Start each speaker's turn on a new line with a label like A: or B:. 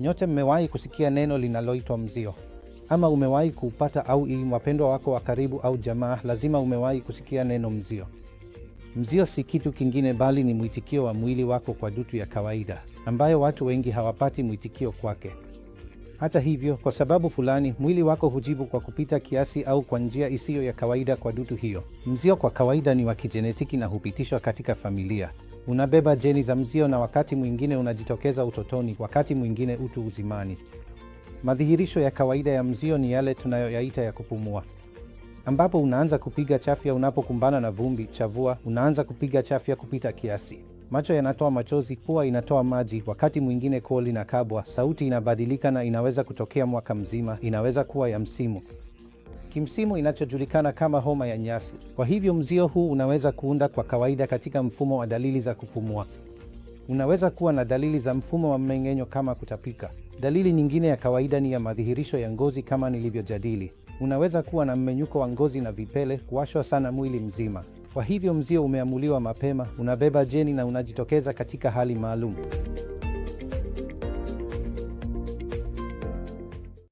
A: Nyote mmewahi kusikia neno linaloitwa mzio, ama umewahi kuupata au wapendwa wako wa karibu au jamaa, lazima umewahi kusikia neno mzio. Mzio si kitu kingine bali ni mwitikio wa mwili wako kwa dutu ya kawaida ambayo watu wengi hawapati mwitikio kwake. Hata hivyo, kwa sababu fulani, mwili wako hujibu kwa kupita kiasi au kwa njia isiyo ya kawaida kwa dutu hiyo. Mzio kwa kawaida ni wa kijenetiki na hupitishwa katika familia unabeba jeni za mzio na wakati mwingine unajitokeza utotoni, wakati mwingine utu uzimani. Madhihirisho ya kawaida ya mzio ni yale tunayoyaita ya kupumua, ambapo unaanza kupiga chafya unapokumbana na vumbi, chavua, unaanza kupiga chafya kupita kiasi, macho yanatoa machozi, pua inatoa maji, wakati mwingine koo linakabwa, sauti inabadilika na inaweza kutokea mwaka mzima, inaweza kuwa ya msimu kimsimu inachojulikana kama homa ya nyasi. Kwa hivyo mzio huu unaweza kuunda kwa kawaida katika mfumo wa dalili za kupumua. Unaweza kuwa na dalili za mfumo wa mmeng'enyo kama kutapika. Dalili nyingine ya kawaida ni ya madhihirisho ya ngozi kama nilivyojadili. Unaweza kuwa na mmenyuko wa ngozi na vipele, kuwashwa sana mwili mzima. Kwa hivyo mzio umeamuliwa mapema, unabeba jeni na unajitokeza katika hali maalum.